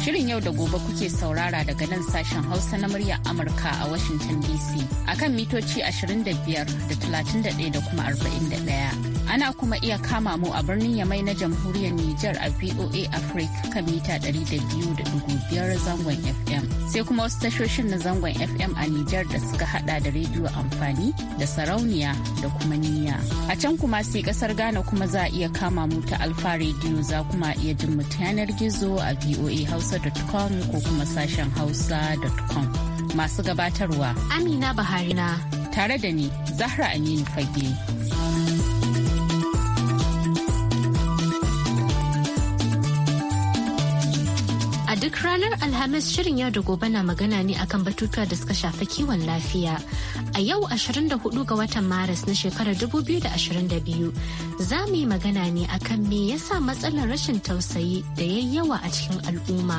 Shirin yau da gobe kuke saurara daga nan sashen Hausa na muryar Amurka a Washington DC akan mitoci 25 da 31 da kuma 41. Ana kuma iya kama mu a birnin Yamai na jamhuriyar Nijar a VOA Africa kan mita 200.5 zangon FM. Sai kuma wasu tashoshin na zangon FM a Nijar da suka hada da rediyo amfani da sarauniya da kuma niyya. A can kuma sai kasar Ghana kuma za a iya kama mu ta Alfa rediyo za kuma iya jin mu ta yanar gizo a voahausa.com ko kuma sashen hausa.com. Masu gabatarwa Amina Bahari na tare da ni Zahra Aminu Fage. Ranar Alhamis shirin yau da gobe na magana ne akan batutuwa da suka shafi kiwon lafiya. A yau 24 ga watan Maris na shekarar 2022 za mu yi magana ne akan me yasa matsalar rashin tausayi da yawa a cikin al'umma.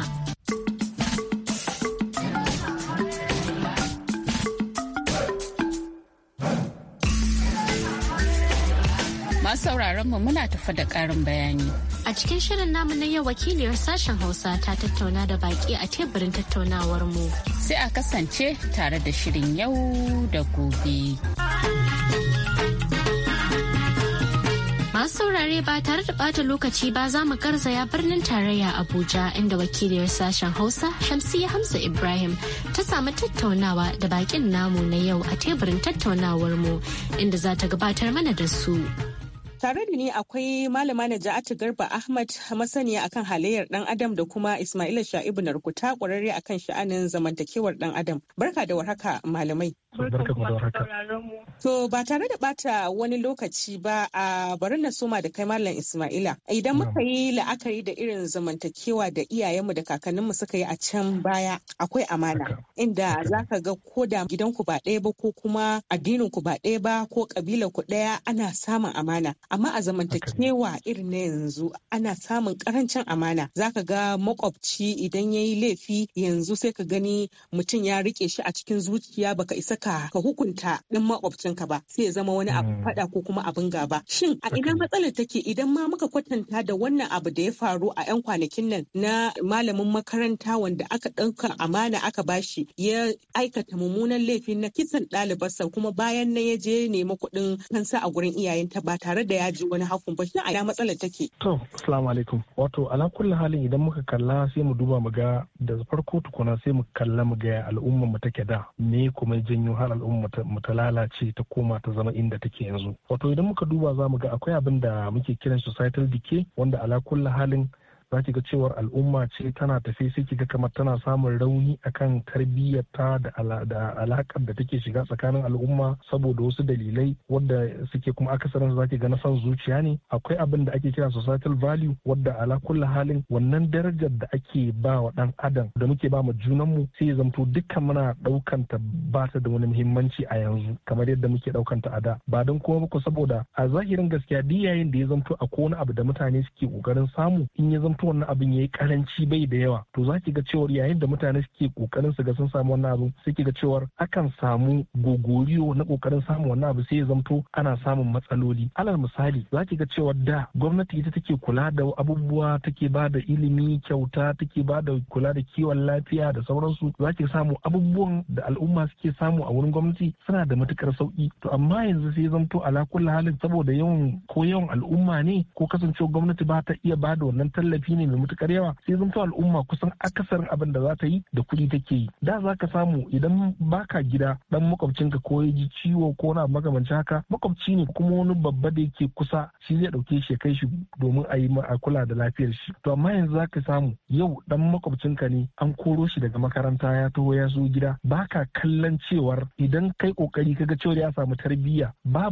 Masu sauraron mu muna tafa da ƙarin bayani. A cikin shirin namu na yau wakiliyar sashen Hausa ta tattauna da baki a teburin tattaunawar mu. Sai a kasance tare da shirin yau da gobe. Masu saurare ba tare da bata lokaci ba za mu garzaya birnin tarayya Abuja inda wakiliyar sashen Hausa Shamsiyya Hamza Ibrahim ta samu tattaunawa da bakin namu na yau a teburin tattaunawar mu inda za ta gabatar mana da su. Tare da ni akwai malama Naja'atu Garba Ahmad masaniya akan halayyar dan Adam da kuma Ismaila Sha'ibu Narkuta kwararre akan sha'anin zamantakewar dan Adam. Barka da warhaka malamai. To ba tare da bata wani lokaci ba a bari na soma da kai malam Ismaila. Idan muka yi la'akari da irin zamantakewa da iyayenmu da kakanninmu suka yi a can baya akwai amana inda za ka ga ko da gidanku ba ɗaya ba ko kuma addinin ku ba ɗaya ba ko kabila ku ɗaya ana samun amana. amma a zamantakewa irin na yanzu ana samun karancin amana zaka ga makwabci idan ya yi laifi yanzu sai ka gani mutum ya rike shi a cikin zuciya baka isa ka ka hukunta din makwabcinka ba sai ya zama wani abu hmm. fada ko kuma abin gaba shin a idan matsalar take idan ma muka kwatanta da wannan abu da ya faru a 'yan kwanakin nan na malamin makaranta wanda aka ɗauka amana aka bashi ya aikata mummunan laifi na kisan ɗalibarsa kuma bayan na ya je nema kuɗin kansa a gurin iyayenta ba tare da ya ji wani hakun ba shi a matsalar take to assalamu alaikum wato ala kullum halin idan muka kalla sai mu duba mu ga da farko tukuna sai mu kalla mu ga al'ummar mu take da me kuma janyo har al'umma mu ta lalace ta koma ta zama inda take yanzu wato idan muka duba za mu ga akwai abin da muke kiran societal decay wanda ala kullum halin za ki ga cewar al'umma ce tana tafi sai ki ga kamar tana samun rauni a kan tarbiyyarta da alaƙar da take shiga tsakanin al'umma saboda wasu dalilai wadda suke kuma akasarin za ki ga na son zuciya ne akwai abin da ake kira societal value wadda ala kulla halin wannan darajar da ake ba wa dan adam da muke ba mu junanmu sai ya zamto dukkan muna ɗaukan ta ba ta da wani muhimmanci a yanzu kamar yadda muke ɗaukan ta a da ba don kuma ba saboda a zahirin gaskiya duk da ya zamto akwai wani abu da mutane suke ƙoƙarin samu in ya zamto ta wannan abin yayi karanci bai da yawa to za ki ga cewar yayin da mutane suke kokarin su ga sun samu wannan abu sai ki ga cewar akan samu gogoriyo na kokarin samun wannan abu sai ya zamto ana samun matsaloli alal misali za ki ga cewar da gwamnati ita take kula da abubuwa take ba da ilimi kyauta take ba da kula da kiwon lafiya da sauransu za ki samu abubuwan da al'umma suke samu a wurin gwamnati suna da matukar sauki to amma yanzu sai zamto ala kulli halin saboda yawan ko yawan al'umma ne ko kasancewa gwamnati ba ta iya ba da wannan tallafi zafi ne mai matukar yawa sai zan al'umma kusan akasarin abin da za ta yi da kuɗi take yi da za ka samu idan baka gida dan makwabcinka ko ya ji ciwo ko na magamanci haka makwabci ne kuma wani babba da yake kusa shi zai ɗauke shi kai shi domin a yi a kula da lafiyar shi to amma yanzu za ka samu yau dan makwabcinka ne an koro shi daga makaranta ya taho ya zo gida baka kallon cewar idan kai kokari kaga cewa ya samu tarbiyya ba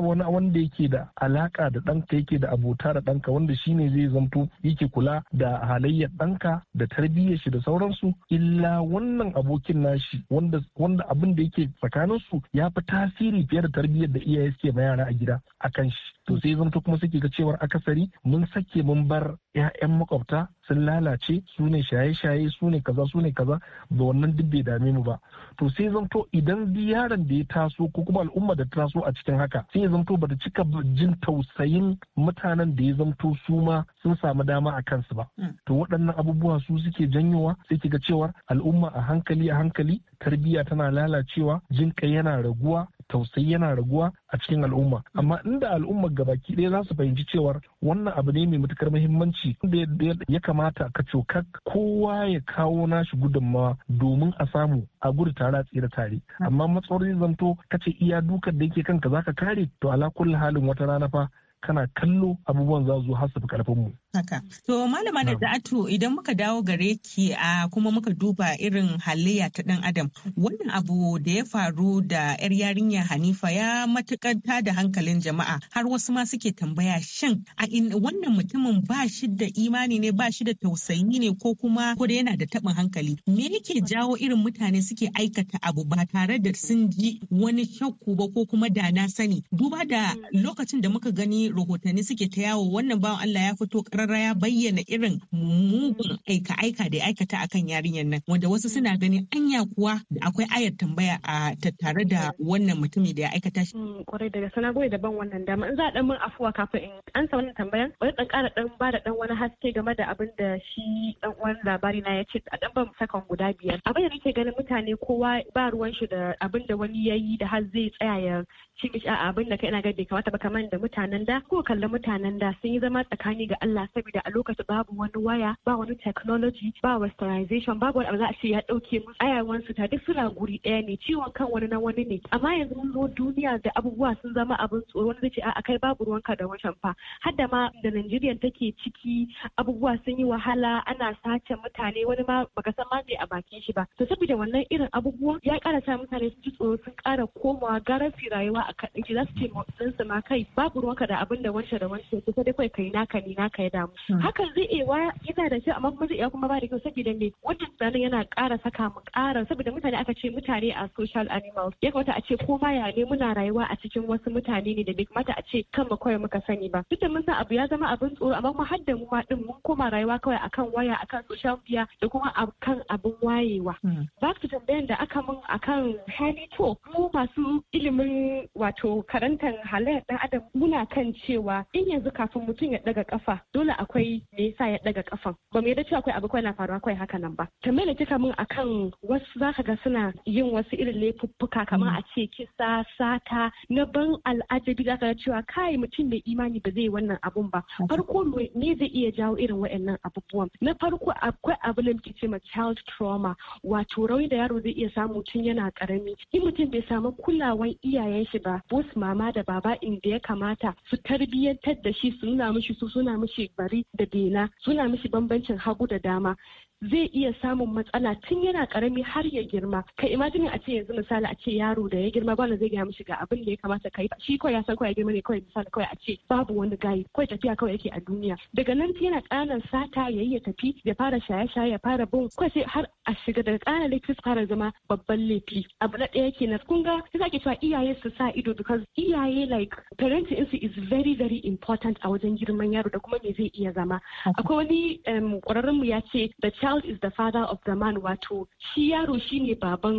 wani wanda yake da alaka da ɗanka yake da abota da ɗanka wanda shine zai zamto yake kula da halayyar ɗanka da tarbiyyar shi da sauransu illa wannan abokin nashi wanda wanda abin da yake tsakaninsu ya fi tasiri fiye da tarbiyyar da iyaye suke ma yara a gida akan shi to sai zanto kuma suke ga cewar akasari mun sake mun bar 'ya'yan makwabta sun lalace su ne shaye-shaye su ne kaza su ne kaza ba wannan duk bai dame mu ba to sai zanto idan yaron da ya taso ko kuma al'umma da ta taso a cikin haka sai ba bata cika jin tausayin mutanen da ya zanto su ma sun samu dama a kansu ba hmm. to waɗannan abubuwa su suke janyowa sai ki ga cewar al'umma a hankali a hankali tarbiyya tana lalacewa jin kai yana raguwa tausayi yana raguwa a cikin al'umma amma inda al'ummar gabaki ɗaya za su fahimci cewar wannan abu ne mai matukar muhimmanci da ya kamata ka coka kowa ya kawo nashi gudunmawa domin a samu a gudu tare a tsira tare amma matsawar ka ce iya dukan da yake kanka zaka kare to ala kulli halin wata rana fa kana kallo abubuwan za zo har su fi karfin mu. Haka. To malama da da'atu idan muka dawo gare ki a kuma muka duba irin halayya ta ɗan adam wannan abu da ya faru da yar yarinya Hanifa ya matukar da hankalin jama'a har wasu ma suke tambaya shin a wannan mutumin ba shi da imani ne ba shi da tausayi ne ko kuma ko da yana da taɓin hankali me yake jawo irin mutane suke aikata abu ba tare da sun ji wani shakku ba ko kuma da na sani duba da lokacin da muka gani rahotanni suke ta yawo wannan bawan Allah ya fito karara ya bayyana irin mugun aika-aika da ya aikata akan yarinyar nan wanda wasu suna ganin anya kuwa da akwai ayar tambaya a tattare da wannan mutumi da ya aikata shi. Kwarai mm, daga sana goyi daban wannan dama in za a dan mun afuwa kafin in ansa wannan tambayan bari dan kara dan ba da dan wani haske game da abin da shi dan uwan labari na ya ce a dan ban saka guda biyar. Abin da nake ganin mutane kowa ba ruwan shi da abin da wani ya yi da har zai tsaya ya ce mishi abin da kai ina ga bai kamata ba kamar da mutanen da ko kalla mutanen da sun yi zama tsakani ga Allah saboda a lokacin babu wani waya ba wani technology ba westernization babu wani abu za a ce ya dauke musu ayawan su ta duk suna guri daya ne ciwon kan wani na wani ne amma yanzu mun zo duniya da abubuwa sun zama abin tsoro wani zai ce a kai babu ka da wancan fa har da ma da Najeriya take ciki abubuwa sun yi wahala ana sace mutane wani ma baka san ma a bakin shi ba to saboda wannan irin abubuwa ya ƙara mutane su ji tsoro sun kara komawa garafi rayuwa kaɗan ki za su ce ma kai babu ruwanka da abin da wance da wance ki sai kai kai naka ni naka ya damu hmm. hakan zai iya yana da shi amma kuma zai iya kuma ba da kyau saboda me wannan tunanin yana ƙara saka mu ƙara saboda mutane aka ce mutane a social animals ya kamata a ce ko ma ne muna rayuwa a cikin wasu mutane ne da bai kamata a ce kan mu kawai muka sani ba duk da mun san abu ya zama abin tsoro amma kuma har da mu ma din mun koma rayuwa kawai akan waya akan social media da kuma akan abin wayewa hmm. back to tambayan da aka mun akan hali to mu masu ilimin wato karantar halayyar dan adam muna kan cewa in yanzu kafin mutum ya daga kafa dole akwai me yasa ya daga kafan ba mu cewa akwai abu kawai na faruwa kawai haka nan ba tambayar da kika min akan wasu zaka ga suna yin wasu irin laifuffuka kamar a ce kisa sata na ban al'ajabi zaka ga cewa kai mutum mai imani ba zai yi wannan abun ba farko me zai iya jawo irin waɗannan abubuwan na farko akwai abu da muke cewa child trauma wato rauni da yaro zai iya samu tun yana karami in mutum bai samu kulawan iyayen shi ba ba wasu mama da baba inda ya kamata su tarbiyyantar da shi su nuna mishi su suna mishi bari da dena suna mishi bambancin hagu da dama zai iya samun matsala tun yana karami har ya girma ka imajinin a ce yanzu misali a ce yaro da ya girma bana zai gaya mishi ga abin da ya kamata kai shi kawai ya san kawai ya girma ne kawai misali kawai a ce babu wani gayi kawai tafiya kawai yake a duniya daga nan yana ƙananan sata ya yi ya tafi ya fara shaye-shaye ya fara bin kawai sai har a shiga daga ƙananan laifi su fara zama babban laifi abu na ɗaya nan kun ga sai ake cewa iyaye su sa ido because iyaye like parenting su is very very important a wajen girman yaro da kuma me zai iya zama akwai wani ƙwararren mu ya ce da child is the father of the man wato shi yaro shine baban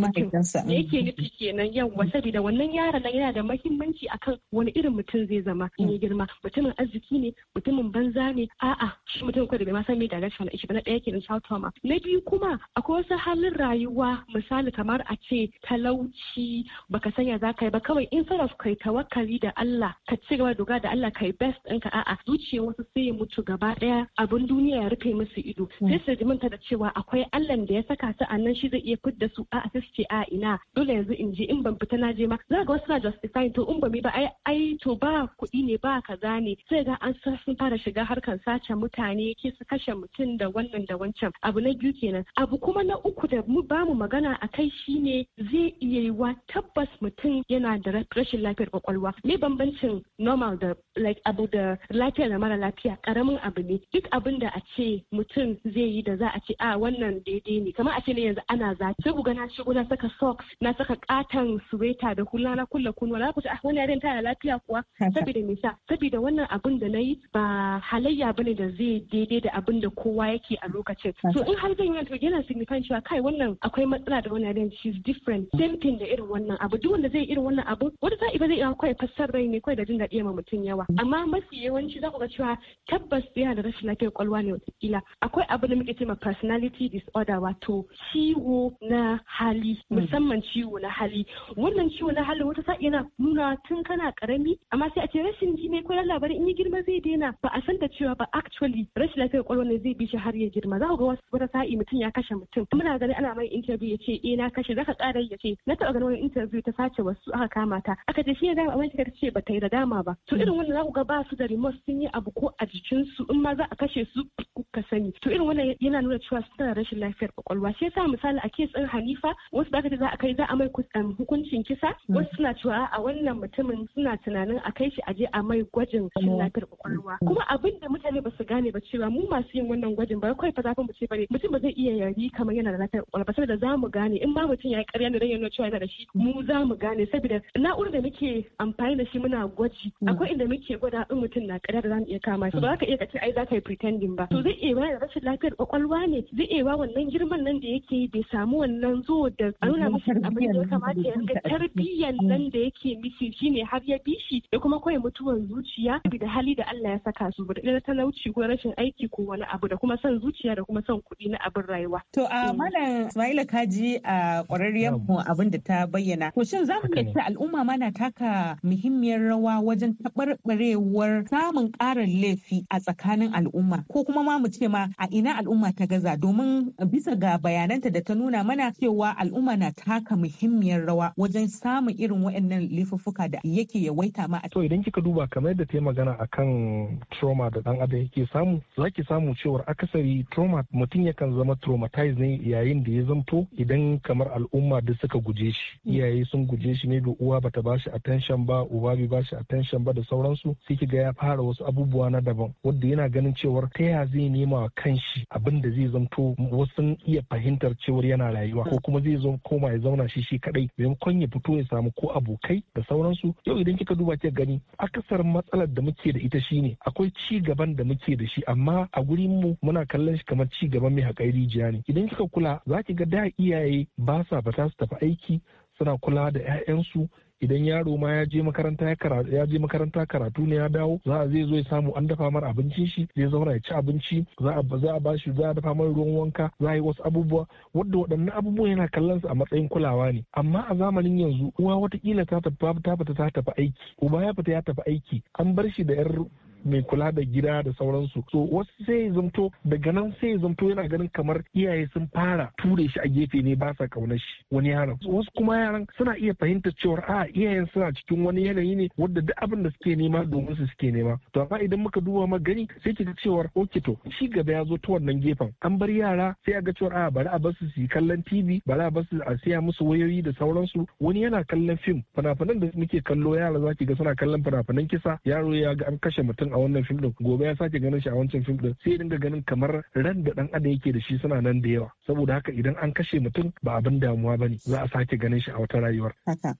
mutum da yake nufi kenan yawa saboda wannan yaron nan yana da mahimmanci akan wani irin mutum zai zama in girma mutumin arziki ne mutumin banza ne a'a shi mutum kwa da ma san me da gashi na ba na ɗaya kenan child trauma na biyu kuma akwai wasu halin rayuwa misali kamar a ce talauci baka sanya za ka yi ba kawai in of kai tawakkali da Allah ka ci gaba doga da Allah kai best ɗinka a'a zuciyar wasu sai ya mutu gaba ɗaya abin duniya ya rufe musu ido hmm. sai su manta da cewa akwai Allah da ya saka su a nan shi zai iya fidda su a sai a ina dole yanzu in je in ban fita na je ma za ga wasu na justify to in ba mi ba ai to ba kuɗi ne ba kaza ne sai ga an sun fara shiga harkan sace mutane ke su kashe mutum da wannan da wancan abu na biyu kenan abu kuma na uku da mu ba mu magana a kai shine zai iya yiwa tabbas mutum yana da rashin lafiyar kwakwalwa me bambancin normal da like abu da lafiya da mara lafiya karamin abu ne duk abin da a ce mutum zai yi da za a ce a wannan daidai ne kamar a ce ne yanzu ana za sai ku na shigo na saka socks na saka katon suweta da kula na kulla kunwa na ku ce ah wannan yarin da lafiya kuwa saboda me sa saboda wannan abin da nayi ba halayya bane da zai daidai da abin da kowa yake a lokacin so in har zan yi to yana signifying cewa kai wannan akwai matsala da wannan yarin she's different same thing da irin wannan abu duk wanda zai irin wannan abu wanda za ba zai iya kawai fassar rai ne kawai da jin daɗi ma mutum yawa amma mafi yawanci za ku ga cewa tabbas yana da rashin lafiyar kwalwa ne kila akwai abu da ake ce ma personality disorder wato ciwo na hali hmm. musamman ciwo na hali wannan ciwo na hali wata sa'i yana nuna tun kana karami amma sai a ce rashin ji ne ko labarin in yi girma zai daina ba a san da cewa ba actually rashin lafiyar kwakwalwa ne zai bi shi har ya girma za ku ga wata sa'i mutum ya kashe mutum muna gani ana mai interview ya ce eh na kashe zaka ƙara ya ce na taɓa ganin wani interview ta sace wasu aka kama ta aka ce shi ya dama abin ta ce ba ta yi da dama ba to hmm. irin wannan za ku ga ba su da remorse sun yi abu ko a jikinsu in ma za a kashe su ka sani to irin wannan yana nuna cewa suna rashin lafiyar kwakwalwa shi yasa misali a ke ɗin halifa wasu da ce za a kai za a mai um, hukuncin kisa hmm. wasu suna cewa a wannan mutumin suna tunanin a kai shi a je a mai gwajin rashin lafiyar kwakwalwa kuma abin da mutane ba su gane ba cewa mu masu yin wannan gwajin ba kawai fa zafin mu ce bane mutum ba zai iya yari kamar yana da lafiyar kwakwalwa ba saboda za mu gane in ma mutum ya yi ƙarya ne dan ya nuna cewa yana da shi mu za mu gane saboda na'urar da muke amfani da shi muna gwaji hmm. akwai inda muke gwada in mutum na ƙarya da za mu iya kama shi ba za ka iya ka ce ai za ka yi pretending ba to zai iya bayar da rashin lafiyar kwakwalwa ne zai'ewa wannan girman nan da yake yi bai samu wannan zo da a nuna masa abin da ya kamata ya rinka tarbiyyan nan da yake shi shine har ya bi shi da kuma kawai mutuwan zuciya da hali da Allah ya saka su da talauci ko rashin aiki ko wani abu da kuma son zuciya da kuma son kuɗi na abin rayuwa. To a eh. malam Ismaila Kaji a ƙwararriyar mu abin da ta bayyana. To shin za mu iya cewa al'umma ma na taka muhimmiyar rawa wajen taɓarɓarewar samun ƙarin laifi a tsakanin al'umma ko kuma ma mu ce ma a ina al'umma al'umma ta gaza domin bisa ga bayananta da ta nuna mana cewa al'umma na taka muhimmiyar rawa wajen samun irin waɗannan laifuffuka da yake yawaita ma. To idan kika duba kamar yadda ta yi magana akan trauma da dan adam yake samu za ki samu cewa akasari trauma mutum yakan zama traumatized ne yayin da ya zamto idan kamar al'umma da suka guje shi iyaye sun guje shi ne da uwa bata bashi attention ba uba bai bashi attention ba da sauransu sai ki ga ya fara wasu abubuwa na daban wanda yana ganin cewar ta ya zai nema kanshi a abin da zai zamto wasu iya fahimtar cewar yana rayuwa ko kuma zai zo koma ya zauna shi shi kadai maimakon ya fito ya samu ko abokai da sauransu yau idan kika duba kika gani akasar matsalar da muke da ita shine akwai ci gaban da muke da shi amma a gurin mu muna kallon shi kamar ci gaban mai haƙai rijiya ne idan kika kula za ki ga da iyaye ba sa ba su tafi aiki suna kula da 'ya'yansu idan yaro ma ya je makaranta ya karatu ya je makaranta karatu ne ya dawo za a zai zo ya samu an dafa mar abincin shi zai zauna ya ci abinci za a za a bashi za a dafa mar ruwan wanka za a yi wasu abubuwa wadda waɗannan abubuwa yana kallon su a matsayin kulawa ne amma a zamanin yanzu uwa watakila ta tafi ta fita ta tafi aiki uba ya fita ya tafi aiki an bar shi da yar mai kula da gida da sauransu so wasu sai zamto daga nan sai zamto yana ganin kamar iyaye sun fara ture shi a gefe ne ba sa kaunar shi wani yaron wasu kuma yaran suna iya fahimtar cewa a iyayen suna cikin wani yanayi ne wadda duk abin da suke nema domin su suke nema to amma idan muka duba ma gani sai kika cewa oke to shi gaba ya zo ta wannan gefen an bar yara sai a ga cewa a bari a basu su yi kallon tv bari a su a siya musu wayoyi da sauransu wani yana kallon fim fina-finan da muke kallo yara za ki ga suna kallon fina-finan kisa yaro ya ga an kashe mutum a wannan fim din gobe ya sake ganin shi a wancan fim din sai dinga ganin kamar ran da dan adam yake da shi suna nan da yawa saboda haka idan an kashe mutum ba abin damuwa ba ne za a sake ganin shi a wata rayuwar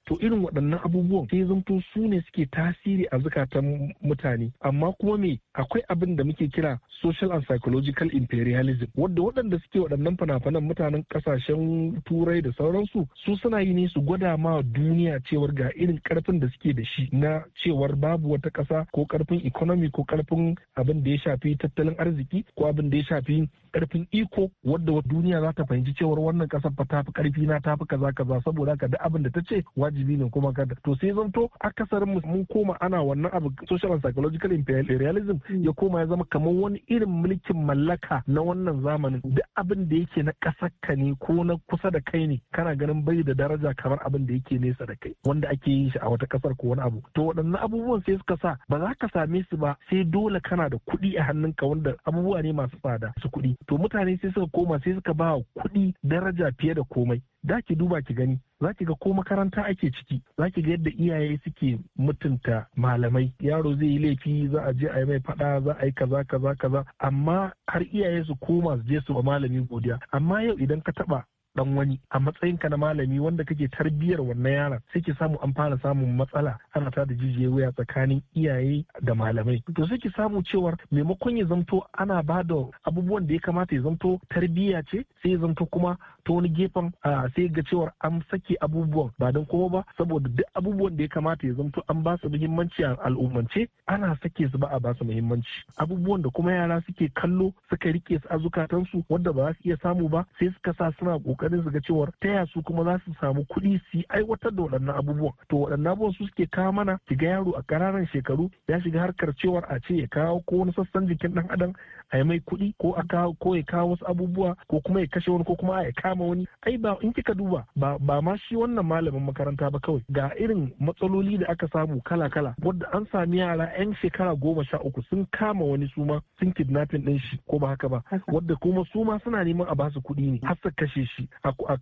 to irin waɗannan abubuwan sai zamto su ne suke tasiri a zukatan mutane amma kuma me akwai abin da muke kira social and psychological imperialism wadda waɗanda suke waɗannan fina mutanen ƙasashen turai da sauransu su suna yi ne su gwada ma duniya cewar ga irin ƙarfin da suke da shi na cewar babu wata ƙasa ko ƙarfin economy ko karfin abin da ya shafi tattalin arziki ko abin da ya shafi karfin iko wadda wa duniya za ta fahimci cewar wannan kasar fa tafi karfi na tafi kaza kaza saboda ka duk abin da ta ce wajibi ne kuma kada to sai zanto akasarin mun koma ana wannan abu social and psychological imperialism ya koma ya zama kamar wani irin mulkin mallaka na wannan zamanin duk abin da yake na kasar ka ne ko na kusa da kai ne kana ganin bai da daraja kamar abin da yake nesa da kai wanda ake yin shi a wata kasar ko wani abu to waɗannan abubuwan sai suka sa ba za ka same su ba sai dole kana da kuɗi a hannunka wanda abubuwa ne masu tsada su kuɗi to mutane sai suka koma sai suka ba kuɗi daraja fiye da komai da ki duba ki gani za ki ga ko makaranta ake ciki za ki ga yadda iyaye suke mutunta malamai yaro zai yi laifi za a je a yi mai fada za a yi kaza kaza kaza amma har iyaye su koma su je su ba malami godiya amma yau idan ka taba dan wani a matsayin ka na malami wanda kake tarbiyyar wannan yaron sai ki samu an fara samun matsala ana ta da jijiye wuya tsakanin iyaye da malamai to sai ki samu cewar maimakon ya zanto ana ba da abubuwan da ya kamata ya zanto tarbiyya ce sai ya zanto kuma ta wani gefen sai ga cewar an sake abubuwan ba don kowa ba saboda duk abubuwan da ya kamata ya zanto an ba su muhimmanci a al'ummance ana sake su ba a ba su muhimmanci abubuwan da kuma yara suke kallo suka rike su a zukatansu wanda ba za su iya samu ba sai suka sa suna kokarin su ga cewa ta ya kuma za su samu kuɗi su aiwatar da waɗannan abubuwan to waɗannan abubuwan su suke kawo mana ki yaro a ƙananan shekaru ya shiga harkar cewar a ce ya kawo ko wani sassan jikin ɗan adam a yi mai kuɗi ko a kawo ko ya kawo wasu abubuwa ko kuma ya kashe wani ko kuma a ya kama wani ai ba in kika duba ba ba ma shi wannan malamin makaranta ba kawai ga irin matsaloli da aka samu kala-kala wadda an sami yara 'yan shekara goma sha uku sun kama wani suma sun kidnapping ɗin shi ko ba haka ba wadda kuma suma suna neman a basu kuɗi ne har su kashe shi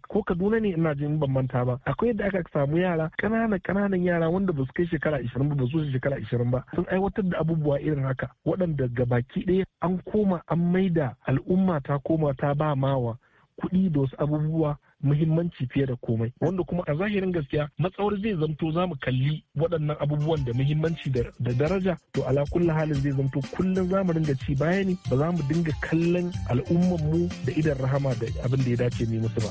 ko kaduna ne ina jin ban manta ba akwai yadda aka samu yara ƙananan kananan yara wanda ba su kai shekara ishirin ba ba su shekara ishirin ba sun aiwatar da abubuwa irin haka waɗanda gabaki ɗaya an koma an maida al'umma ta koma ta ba mawa kuɗi da wasu abubuwa muhimmanci fiye da komai wanda kuma a zahirin gaskiya matsawar zai zamto za mu kalli waɗannan abubuwan da muhimmanci da daraja to ala kulli halin zai zamto kullum za mu dinga ci baya ne ba za mu dinga kallon al'umman mu da idan rahama da abin da ya dace mu musu ba.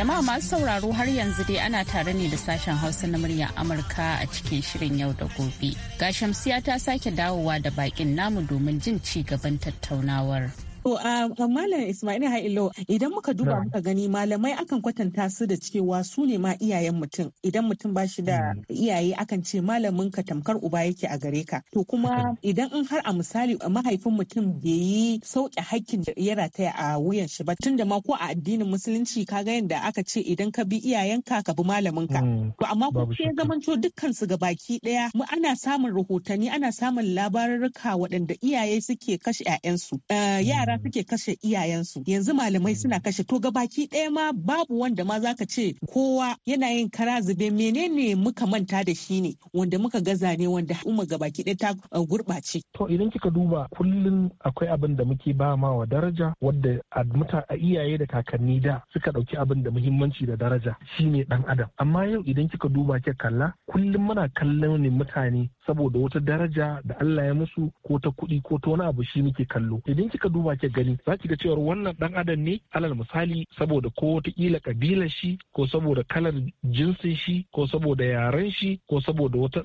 Jama'a masu sauraro har yanzu dai ana tare ne da sashen Hausa na muryar Amurka a cikin shirin yau da gobe. Ga Shamsiya ta sake dawowa da bakin namu domin jin ci gaban tattaunawar. To a Malam Ismail Hailo idan muka duba muka gani malamai akan kwatanta su da cewa su ne ma iyayen mutum idan mutum ba shi da mm. iyaye akan ce malamin ka tamkar uba yake a gare ka to kuma idan in har a misali mahaifin mutum bai yi sauke hakkin da ya rataya a wuyan shi ba tunda ma ko a addinin musulunci ka ga yadda aka ce idan ka bi iyayenka ka bi malamin ka mm. to amma ko ke zamanto dukkan su baki daya mu ana samun rahotanni ana samun labarurruka waɗanda iyaye suke kashe 'ya'yansu eh, yara yara suke mm. kashe iyayensu yanzu malamai suna mm. kashe to gabaki ɗaya ma babu wanda ma zaka ce kowa yana yin kara zube menene muka manta da shi ne wanda muka gaza ne wanda umma baki ɗaya ta uh, gurɓace. To idan kika duba kullum akwai abin da muke ba ma wa daraja wadda a iyaye da kakanni da suka ɗauki abin da muhimmanci da daraja shine ɗan adam amma yau idan kika duba kika kalla kullum muna kallon ne mutane saboda wata daraja da Allah ya musu ko ta kuɗi ko ta wani abu shi muke kallo idan kika duba ki gani za ki ga cewa wannan dan adam ne alal misali saboda ko wata kila kabila shi ko saboda kalar jinsin shi ko saboda yaren shi ko saboda wata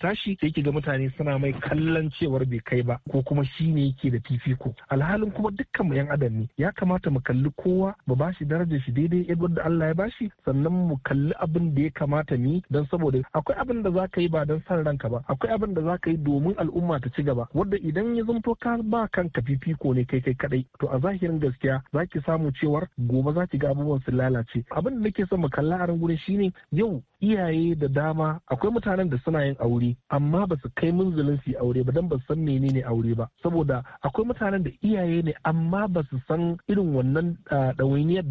ta shi, sai ki ga mutane suna mai kallon cewar bai kai ba ko kuma shi ne yake da fifiko alhalin kuma dukkan mu yan adam ne ya kamata mu kalli kowa mu ba shi darajar shi daidai yadda Allah ya bashi sannan mu kalli abin da ya kamata ni? don saboda akwai abin da za ka yi ba don sa son ranka ba akwai abin da zaka yi domin al'umma ta ci gaba wanda idan ya zanto ka ba kanka fifiko ne kai kai kadai to a zahirin gaskiya zaki samu cewar gobe zaki ga abubuwan su lalace abin da nake son mu kalla a ran shine yau iyaye da dama akwai mutanen da suna yin aure amma ba su kai munzulin su aure ba dan ba san menene aure ba saboda akwai mutanen da iyaye ne amma ba su san irin wannan ɗawainiyar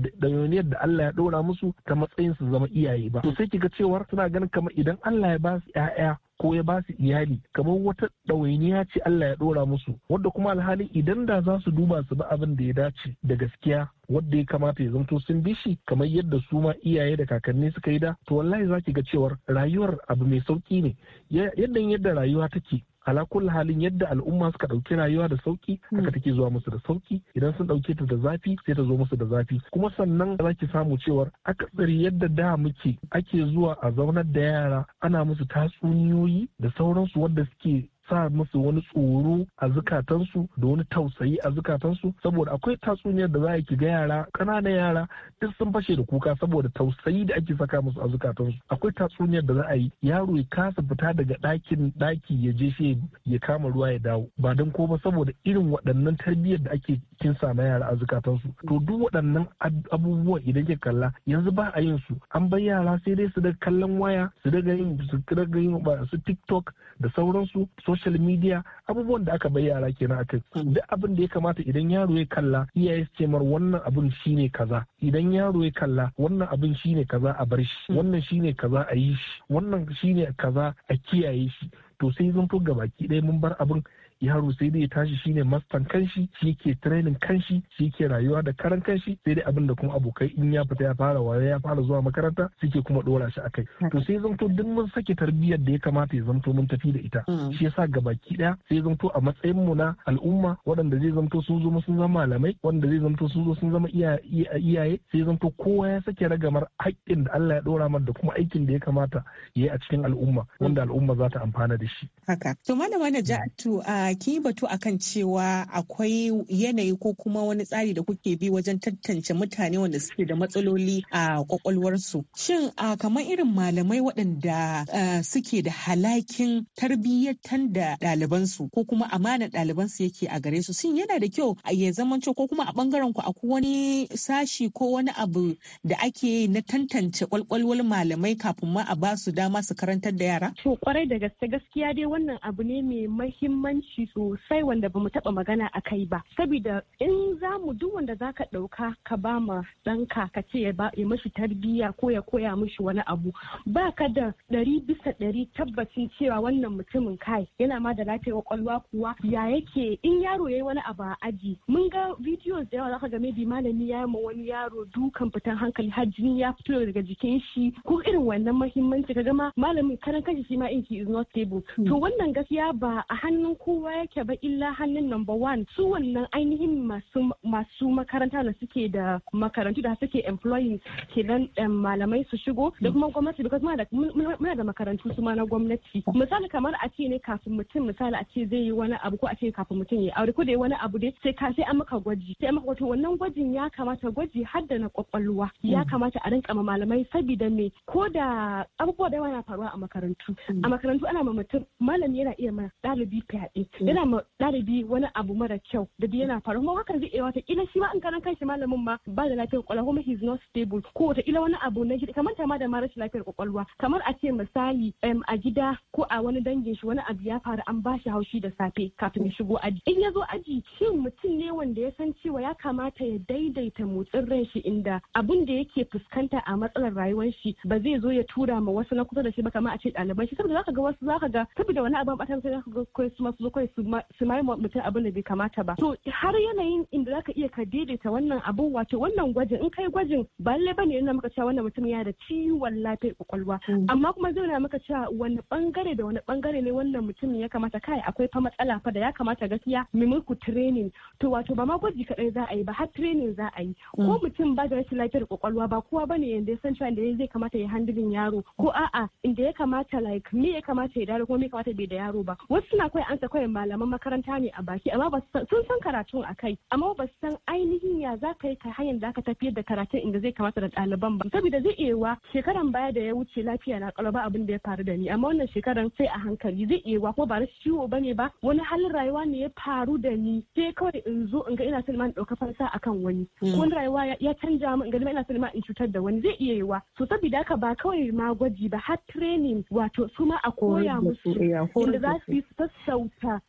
da Allah ya ɗora musu ta matsayin su zama iyaye ba to sai kiga cewar suna ganin kamar idan Allah ya ba su 'ya'ya ko ya basu iyali kamar wata ɗawainiya ce Allah ya ɗora musu wadda kuma alhali idan da za su duba su ba abin da ya dace da gaskiya wadda ya kamata ya zamto sun bi shi kamar yadda su ma iyaye da kakanni suka yi da to wallahi za ki ga cewar rayuwar abu mai sauki ne yadda yadda rayuwa take ala kulli halin yadda al'umma suka ɗauki rayuwa da sauki haka hmm. take zuwa musu da sauki idan sun ɗauke ta da zafi sai ta zo musu da zafi kuma sannan za ki samu cewar akasari yadda da muke ake zuwa a zaunar da yara ana musu tatsuniyoyi da sauransu wadda suke sa musu wani tsoro a zukatansu da wani tausayi a zukatansu saboda akwai tatsuniyar da za a ki ga yara ƙananan yara duk sun fashe da kuka saboda tausayi da ake saka musu a zukatansu akwai tatsuniyar da za a yi yaro ya kasa fita daga ɗakin ɗaki ya je shi ya kama ruwa ya dawo ba don ko ba saboda irin waɗannan tarbiyyar da ake kin na yara a zukatansu to duk waɗannan abubuwan idan ke kalla yanzu ba a yin su an bar yara sai dai su daga kallon waya su daga yin su daga yin su tiktok da sauransu social media abubuwan da aka bayyana kenan akai duk abin da ya kamata idan yaro ya kalla iyaye su ce mar wannan abin shine kaza idan yaro ya kalla wannan abin shine kaza a bar shi wannan shine kaza a yi shi wannan shine kaza a kiyaye shi to sai zan to gabaki ɗaya mun bar abin yaro sai dai ya tashi shine mastan kanshi shi yake training kanshi shi yake rayuwa da karan kanshi sai dai abin da kuma abokai in ya fita ya fara wa ya fara zuwa makaranta suke kuma dora shi akai to sai zanto duk mun sake tarbiyyar da ya kamata ya zanto mun tafi da ita mm. shi yasa gabaki daya sai zanto a matsayin mu na al'umma waɗanda zai zanto sun zo sun zama malamai wanda zai zanto sun zo sun zama iyaye sai zanto kowa ya sake ragamar haƙƙin da Allah ya dora mar da kuma aikin da ya kamata ya yi a cikin al'umma wanda al'umma za ta amfana da shi haka to malama Najatu a ki kin batu akan cewa akwai yanayi ko kuma wani tsari da kuke bi wajen tantance mutane wanda suke da matsaloli a kwakwalwarsu. Shin a kamar irin malamai waɗanda suke da halakin tarbiyyatan da ɗalibansu ko kuma amanar ɗalibansu yake a gare su shin yana da kyau a ya zamanto ko kuma a ɓangaren ku akwai wani sashi ko wani abu da ake na tantance kwalkwalwar malamai kafin ma a ba dama su karantar da yara? To kwarai da gaske gaskiya dai wannan abu ne mai mahimmanci shi sosai wanda bamu taba magana a kai ba saboda in za mu duk wanda za ka ɗauka ka ba ma ɗanka ka ce ya mashi tarbiyya ko ya koya mashi wani abu ba ka da ɗari bisa ɗari tabbacin cewa wannan mutumin kai yana ma da lafiyar kwakwalwa kuwa ya yake in yaro ya yi wani abu a aji mun ga videos da yawa zaka ga maybe malami ya yi ma wani yaro dukan fitan hankali har jini ya fito daga jikin shi ko irin wannan mahimmanci ka gama malamin karan kanshi shi ma in ki is not stable to hmm. wannan gaskiya ba a hannun kowa rayuwa yake ba illa hannun number one su wannan ainihin masu masu makaranta da suke da makarantu da suke ke kenan malamai su shigo da kuma gwamnati because muna da makarantu su ma na gwamnati misali kamar a ce ne kafin mutum misali a ce zai yi wani abu ko a ce kafin mutum ya aure ko da wani abu dai sai ka sai an maka gwaji sai maka wato wannan gwajin ya kamata gwaji haddana kwakwalwa ya kamata a rinka ma malamai saboda me ko da abubuwa da yawa na faruwa a makarantu a makarantu ana ma mutum malami yana iya ma dalibi fyaɗe Mm. yana ma ɗalibi wani abu mara kyau da yana faru kuma hakan zai iya wata kila shi ma an karan kanshi malamin ma ba da lafiyar kwakwalwa kuma is not stable ko wata kila wani abu na gida kamar ma da ma rashin lafiyar kwakwalwa kamar a ce misali a gida ko a wani dangin shi wani abu ya faru an ba shi haushi da safe kafin ya shigo aji in ya zo aji shin mutum ne wanda ya san cewa ya kamata ya daidaita motsin ran shi inda abun da yake fuskanta a matsalar rayuwar shi ba zai zo ya tura ma wasu na kusa da shi ba kamar a ce ɗaliban shi saboda zaka ga wasu zaka ga saboda wani abin ɓata sai zaka ga kai su masu zo kawai su mai mutum abin da bai kamata ba to har yanayin inda zaka iya ka daidaita wannan abu wato wannan gwajin in kai gwajin ba lallai bane yana maka cewa wannan mutum yana da ciwon lafiyar kwakwalwa mm. amma kuma zai na maka cewa wani bangare da wani bangare ne wannan mutum ya kamata kai akwai fa matsala fa da ya kamata gaskiya mu muku training to wato ba ma gwaji kadai za a yi ba har training za a yi mm. ko mutum ba da rashin lafiyar kwakwalwa ba kowa bane yanda ya san cewa da zai kamata ya handling yaro ko a'a inda ya kamata like me ya kamata ya dare kuma me ya kamata bai da yaro ba wasu suna kawai sa kawai malaman makaranta ne a baki amma ba sun san karatun a kai amma ba su san ainihin ya za ka yi ka hanyar da ka tafiyar da karatun inda zai kamata da ɗaliban ba saboda zai iya wa shekaran baya da ya wuce lafiya na ƙwarar abin da ya faru da ni amma wannan shekaran sai a hankali zai iya wa ko ba rashin ciwo ba ne ba wani halin rayuwa ne ya faru da ni sai kawai in zo in ga ina son ma in ɗauka fansa a kan wani hmm. wani rayuwa ya canja min in ga ina son ma in cutar da wani zai iya yi wa so saboda haka ba kawai ma gwaji ba har training wato su ma a koya musu inda za su yi sassauta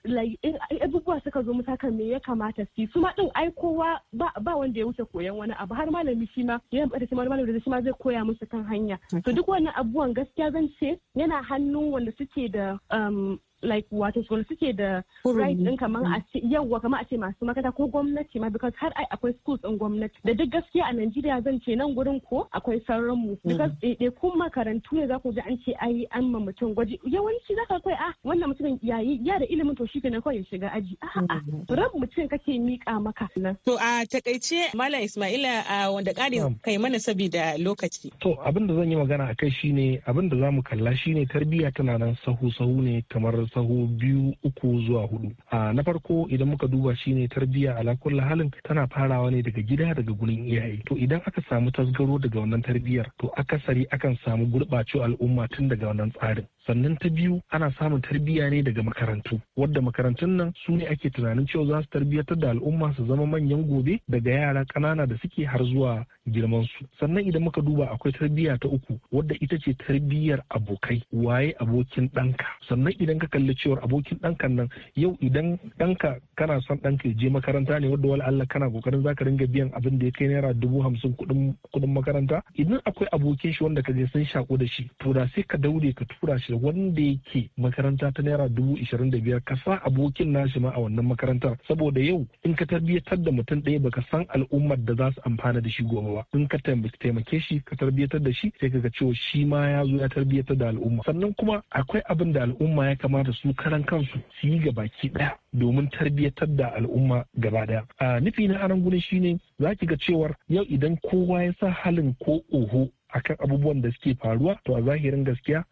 abubuwa suka zo musu me ya kamata su su ma din ai kowa ba wanda ya wuce koyan wani abu har malami shi ma ya bada shi malami da shi ma zai koya musu kan hanya to duk wannan abubuwan gaskiya zan ce yana hannun wanda suke da um, like wato school suke da right din kamar a ce yawa kamar a ce masu makata ko gwamnati ma because har ai akwai schools din gwamnati da duk gaskiya a Najeriya zan ce nan gurin ko akwai sauran mu mm. because ɗaiɗai kun makarantu ne za ku ji an ce ai an ma mutum gwaji yawanci zaka kai a ah, wannan mutumin yayi ya da ilimin to shi kenan kawai ya shiga aji a'a mm, mm, ran mutum kake mika maka to a takaice Malam Ismaila a wanda kare kai mana sabida lokaci to abin zan yi magana akai shine abinda zamu kalla shine tarbiyya tana nan sahu sahu ne kamar saho biyu uku zuwa hudu a na farko idan muka duba shine tarbiyya a lakon halin tana farawa ne daga gida daga gurin iyaye to idan aka samu tasgaro daga wannan tarbiyyar to akasari akan samu gurɓacewa al'umma tun daga wannan tsarin sannan ta biyu ana samun tarbiyya ne daga makarantu wadda makarantun nan su ne ake tunanin cewa za su tarbiyyatar da al'umma su zama manyan gobe daga yara kanana da suke har zuwa girman su sannan idan muka duba akwai tarbiyya ta uku wadda ita ce tarbiyyar abokai waye abokin danka sannan idan ka kalli cewa abokin danka nan yau idan ɗanka kana son ɗanka ya je makaranta ne wadda wala Allah kana kokarin zaka ringa biyan abin da ya kai naira dubu hamsin kuɗin makaranta idan akwai abokin shi wanda ka je sun shaku da shi to da sai ka daure ka tura shi wanda yake makaranta ta naira dubu ishirin da biyar ka sa abokin nashi ma a wannan makarantar saboda yau in ka tarbiyyatar da mutum ɗaya baka san al'ummar da za su amfana da shi gobe ba in ka taimake shi ka tarbiyyatar da shi sai ka ga cewa shi ma ya zo ya tarbiyyatar da al'umma sannan kuma akwai abin da al'umma ya kamata su karan kansu su yi ga baki ɗaya domin tarbiyyatar da al'umma gaba ɗaya a nufi na aron gudun ne za ki ga cewar yau idan kowa ya sa halin ko oho akan abubuwan da suke faruwa to a zahirin gaskiya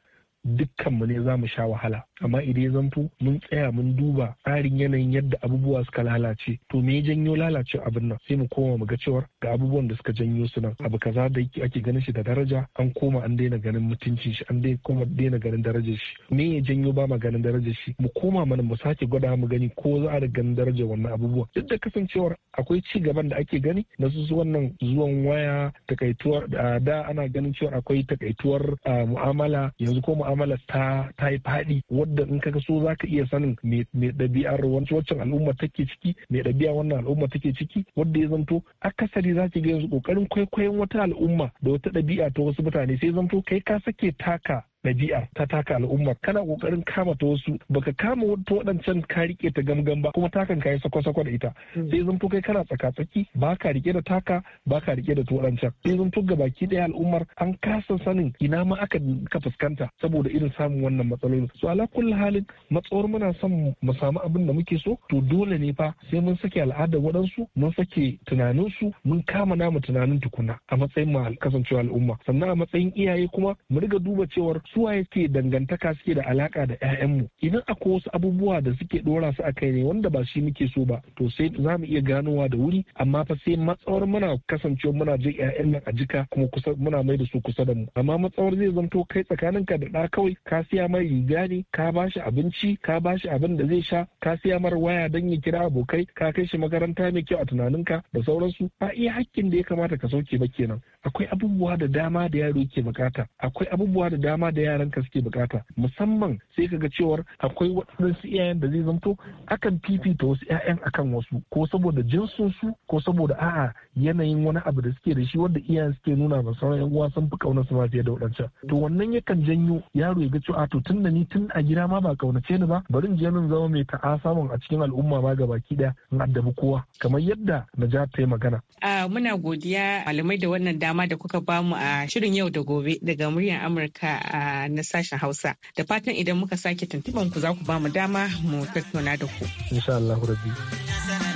dukkanmu ne za mu sha wahala amma idan ya zanto mun tsaya mun duba tsarin yanayin yadda abubuwa suka lalace to me ya janyo lalace abin nan sai mu koma mu ga cewar ga abubuwan da suka janyo su nan abu kaza da ake ganin shi da daraja an koma an daina ganin mutuncin shi an daina koma daina ganin darajar shi me ya janyo ba ma ganin darajar shi mu koma mana mu sake gwada mu gani ko za a ganin darajar wannan abubuwa duk da kasancewar akwai ci gaban da ake gani na su wannan zuwan waya takaituwar da ana ganin cewa akwai takaituwar mu'amala yanzu ko mu'amala ta ta yi fadi. wadda in ka so za ka iya sanin mai ɗabi'ar wancan al'umma take ciki mai ɗabi'a wannan al'umma take ciki wadda ya zanto akasari za ki ga yanzu ƙoƙarin kwaikwayon wata al'umma da wata ɗabi'a ta wasu mutane sai zanto kai ka sake taka ɗabi'ar ta taka al'umma kana kokarin kama ta wasu baka kama wata waɗancan ka riƙe ta gamgam ba kuma takan yi sako-sako da ita hmm. sai zan kai kana tsaka-tsaki ba ka riƙe da taka ba ka riƙe da waɗancan sai zan ga baki ɗaya al'ummar an kasa sanin ina ma aka ka fuskanta saboda irin samun wannan matsaloli su ala kulli halin matsawar muna son mu samu abin da muke so to dole ne fa sai mun sake al'adar waɗansu mun sake tunaninsu mun kama namu tunanin tukuna a matsayin ma kasancewa al'umma sannan a matsayin iyaye kuma mu riga duba cewar suwaye ke dangantaka suke da alaka da 'ya'yanmu idan akwai wasu abubuwa da suke dora su a kai ne wanda ba shi muke so ba to sai za mu iya ganowa da wuri amma fa sai matsawar muna kasancewa muna jin 'ya'yan nan a jika kuma kusa muna mai da su kusa da mu amma matsawar zai zamto kai tsakaninka da ɗa kawai ka siya mai riga ne ka ba shi abinci ka ba shi abin da zai sha ka siya mara waya don ya kira abokai ka kai shi makaranta mai kyau a tunaninka da sauransu ba iya hakkin da ya kamata ka sauke ba kenan akwai abubuwa da dama da yaro yake bukata akwai abubuwa da dama da yaran ka suke bukata musamman sai ka ga cewar akwai waɗansu iyayen da zai zanto akan fifita wasu 'ya'yan akan wasu ko saboda jinsin su ko saboda a'a yanayin wani abu da suke da shi wanda iyayen suke nuna ba sauran yan uwa sun fi kauna su ma fiye da waɗancan to wannan yakan janyo yaro ya ga cewa to tun da ni tun a gida ma ba kaunace ni ba bari je nan zama mai ta'a samun a cikin al'umma ma gabaki daya in addabi kowa kamar yadda Najat ta yi magana a muna godiya malamai da wannan dama da kuka bamu a shirin yau da gobe daga muryar Amurka a na sashen Hausa. Da fatan idan muka sake tuntuɓan ku za ku ba mu dama mu tattauna da ku. Insha Allah Rabbi.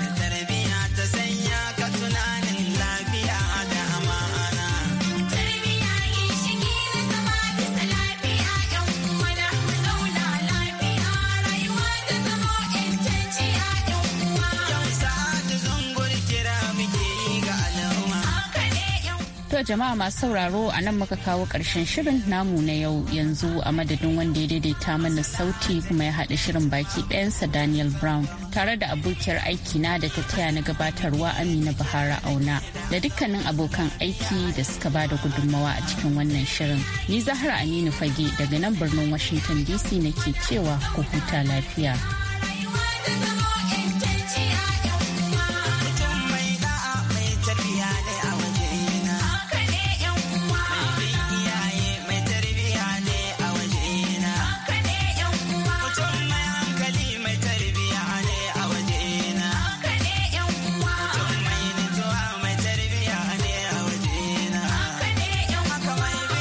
To jama'a masu sauraro a nan muka kawo ƙarshen shirin namu na yau yanzu a madadin wanda ya daidaita mana sauti kuma ya haɗa shirin baki ɗayansa Daniel Brown tare da abokiyar aiki na da ta taya na gabatarwa Amina Bahara Auna da dukkanin abokan aiki da suka ba da gudunmawa a cikin wannan shirin. Ni Zahra Aminu Fage daga nan birnin Washington DC nake cewa ku huta lafiya.